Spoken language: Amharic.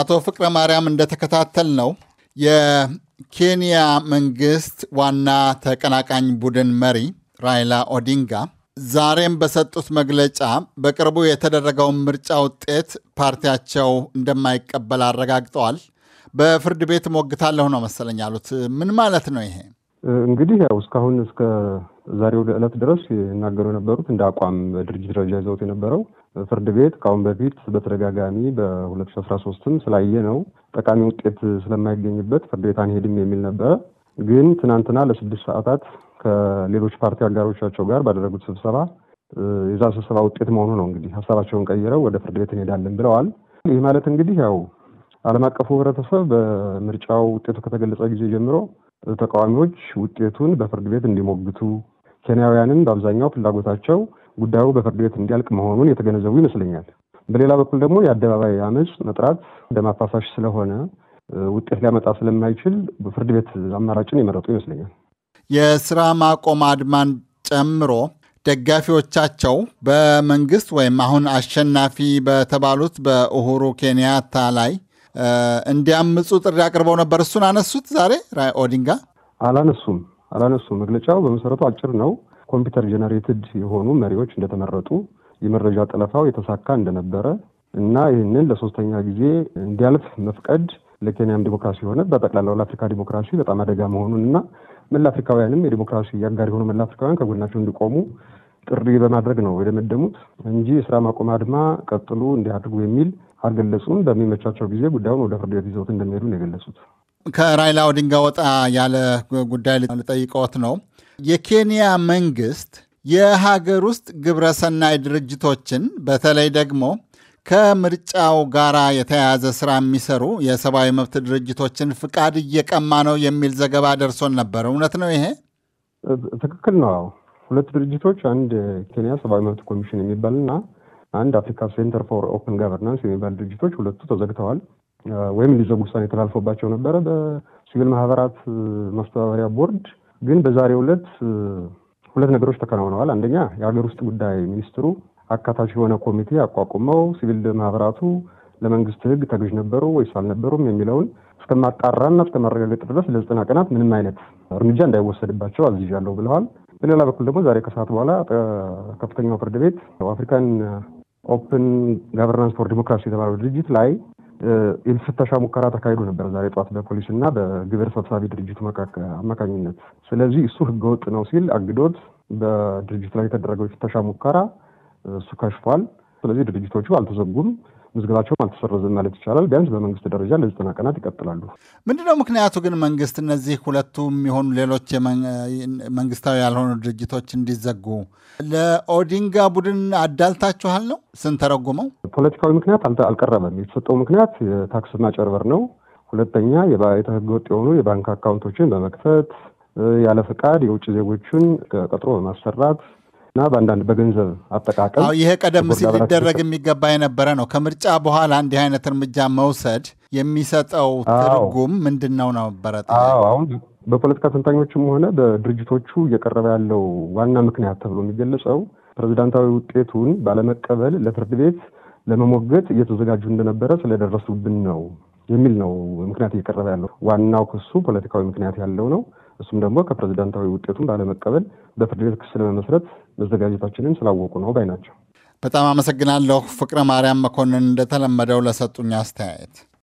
አቶ ፍቅረ ማርያም እንደተከታተል ነው የኬንያ መንግስት ዋና ተቀናቃኝ ቡድን መሪ ራይላ ኦዲንጋ ዛሬም በሰጡት መግለጫ በቅርቡ የተደረገውን ምርጫ ውጤት ፓርቲያቸው እንደማይቀበል አረጋግጠዋል። በፍርድ ቤት ሞግታለሁ ነው መሰለኝ ያሉት። ምን ማለት ነው ይሄ? እንግዲህ ያው እስካሁን እስከ ዛሬው ዕለት ድረስ ይናገሩ የነበሩት እንደ አቋም በድርጅት ደረጃ ይዘውት የነበረው ፍርድ ቤት ከአሁን በፊት በተደጋጋሚ በ2013ም ስላየ ነው ጠቃሚ ውጤት ስለማይገኝበት ፍርድ ቤት አንሄድም የሚል ነበረ። ግን ትናንትና ለስድስት ሰዓታት ከሌሎች ፓርቲ አጋሮቻቸው ጋር ባደረጉት ስብሰባ የዛ ስብሰባ ውጤት መሆኑ ነው እንግዲህ ሀሳባቸውን ቀይረው ወደ ፍርድ ቤት እንሄዳለን ብለዋል። ይህ ማለት እንግዲህ ያው ዓለም አቀፉ ህብረተሰብ በምርጫው ውጤቱ ከተገለጸ ጊዜ ጀምሮ ተቃዋሚዎች ውጤቱን በፍርድ ቤት እንዲሞግቱ ኬንያውያንን በአብዛኛው ፍላጎታቸው ጉዳዩ በፍርድ ቤት እንዲያልቅ መሆኑን የተገነዘቡ ይመስለኛል። በሌላ በኩል ደግሞ የአደባባይ አመፅ መጥራት ደማፋሳሽ ስለሆነ ውጤት ሊያመጣ ስለማይችል ፍርድ ቤት አማራጭን የመረጡ ይመስለኛል። የስራ ማቆም አድማን ጨምሮ ደጋፊዎቻቸው በመንግስት ወይም አሁን አሸናፊ በተባሉት በኡሁሩ ኬንያታ ላይ እንዲያምፁ ጥሪ አቅርበው ነበር። እሱን አነሱት ዛሬ ኦዲንጋ? አላነሱም አላነሱም። መግለጫው በመሰረቱ አጭር ነው። ኮምፒውተር ጀነሬትድ የሆኑ መሪዎች እንደተመረጡ የመረጃ ጠለፋው የተሳካ እንደነበረ እና ይህንን ለሶስተኛ ጊዜ እንዲያልፍ መፍቀድ ለኬንያም ዲሞክራሲ የሆነ በጠቅላላው ለአፍሪካ ዲሞክራሲ በጣም አደጋ መሆኑን እና መላ አፍሪካውያንም የዲሞክራሲ አጋር የሆኑ መላ አፍሪካውያን ከጎናቸው እንዲቆሙ ጥሪ በማድረግ ነው የደመደሙት እንጂ የስራ ማቆም አድማ ቀጥሉ እንዲያድርጉ የሚል አልገለጹም። በሚመቻቸው ጊዜ ጉዳዩን ወደ ፍርድ ቤት ይዘውት እንደሚሄዱ ነው የገለጹት። ከራይላ ኦዲንጋ ወጣ ያለ ጉዳይ ልጠይቅዎት ነው። የኬንያ መንግስት የሀገር ውስጥ ግብረሰናይ ድርጅቶችን በተለይ ደግሞ ከምርጫው ጋር የተያያዘ ስራ የሚሰሩ የሰብአዊ መብት ድርጅቶችን ፍቃድ እየቀማ ነው የሚል ዘገባ ደርሶን ነበር። እውነት ነው ይሄ? ትክክል ነው። ሁለት ድርጅቶች አንድ ኬንያ ሰብአዊ መብት ኮሚሽን የሚባል እና አንድ አፍሪካ ሴንተር ፎር ኦፕን ጋቨርናንስ የሚባል ድርጅቶች ሁለቱ ተዘግተዋል ወይም ሊዘጉ ውሳኔ ተላልፎባቸው ነበረ በሲቪል ማህበራት ማስተባበሪያ ቦርድ ግን በዛሬው ዕለት ሁለት ነገሮች ተከናውነዋል። አንደኛ የሀገር ውስጥ ጉዳይ ሚኒስትሩ አካታች የሆነ ኮሚቴ አቋቁመው ሲቪል ማህበራቱ ለመንግስት ህግ ተገዥ ነበሩ ወይስ አልነበሩም የሚለውን እስከማጣራና እስከማረጋገጥ ድረስ ለዘጠና ቀናት ምንም አይነት እርምጃ እንዳይወሰድባቸው አዝዣለሁ ብለዋል። በሌላ በኩል ደግሞ ዛሬ ከሰዓት በኋላ ከፍተኛው ፍርድ ቤት አፍሪካን ኦፕን ጋቨርናንስ ፎር ዲሞክራሲ የተባለው ድርጅት ላይ የፍተሻ ሙከራ ተካሂዶ ነበር ዛሬ ጠዋት በፖሊስ እና በግብር ሰብሳቢ ድርጅቱ አማካኝነት። ስለዚህ እሱ ህገወጥ ነው ሲል አግዶት በድርጅቱ ላይ የተደረገው የፍተሻ ሙከራ እሱ ከሽፏል። ስለዚህ ድርጅቶቹ አልተዘጉም። ምዝገባቸውም አልተሰረዘም ማለት ይቻላል። ቢያንስ በመንግስት ደረጃ ለዘጠና ቀናት ይቀጥላሉ። ምንድነው ምክንያቱ ግን መንግስት እነዚህ ሁለቱም የሆኑ ሌሎች መንግስታዊ ያልሆኑ ድርጅቶች እንዲዘጉ ለኦዲንጋ ቡድን አዳልታችኋል ነው ስንተረጉመው? ፖለቲካዊ ምክንያት አልቀረበም። የተሰጠው ምክንያት የታክስ ማጨርበር ነው። ሁለተኛ ህገወጥ የሆኑ የባንክ አካውንቶችን በመክፈት ያለ ፈቃድ የውጭ ዜጎችን ቀጥሮ በማሰራት እና በአንዳንድ በገንዘብ አጠቃቀም ይሄ ቀደም ሲል ሊደረግ የሚገባ የነበረ ነው። ከምርጫ በኋላ እንዲህ አይነት እርምጃ መውሰድ የሚሰጠው ትርጉም ምንድን ነው ነበረ? አሁን በፖለቲካ ተንታኞችም ሆነ በድርጅቶቹ እየቀረበ ያለው ዋና ምክንያት ተብሎ የሚገለጸው ፕሬዚዳንታዊ ውጤቱን ባለመቀበል ለፍርድ ቤት ለመሞገት እየተዘጋጁ እንደነበረ ስለደረሱብን ነው የሚል ነው ምክንያት እየቀረበ ያለው። ዋናው ክሱ ፖለቲካዊ ምክንያት ያለው ነው። እሱም ደግሞ ከፕሬዚዳንታዊ ውጤቱን ባለመቀበል በፍርድ ቤት ክስ ለመመስረት መዘጋጀታችንን ስላወቁ ነው ባይ ናቸው። በጣም አመሰግናለሁ ፍቅረ ማርያም መኮንን እንደተለመደው ለሰጡኝ አስተያየት።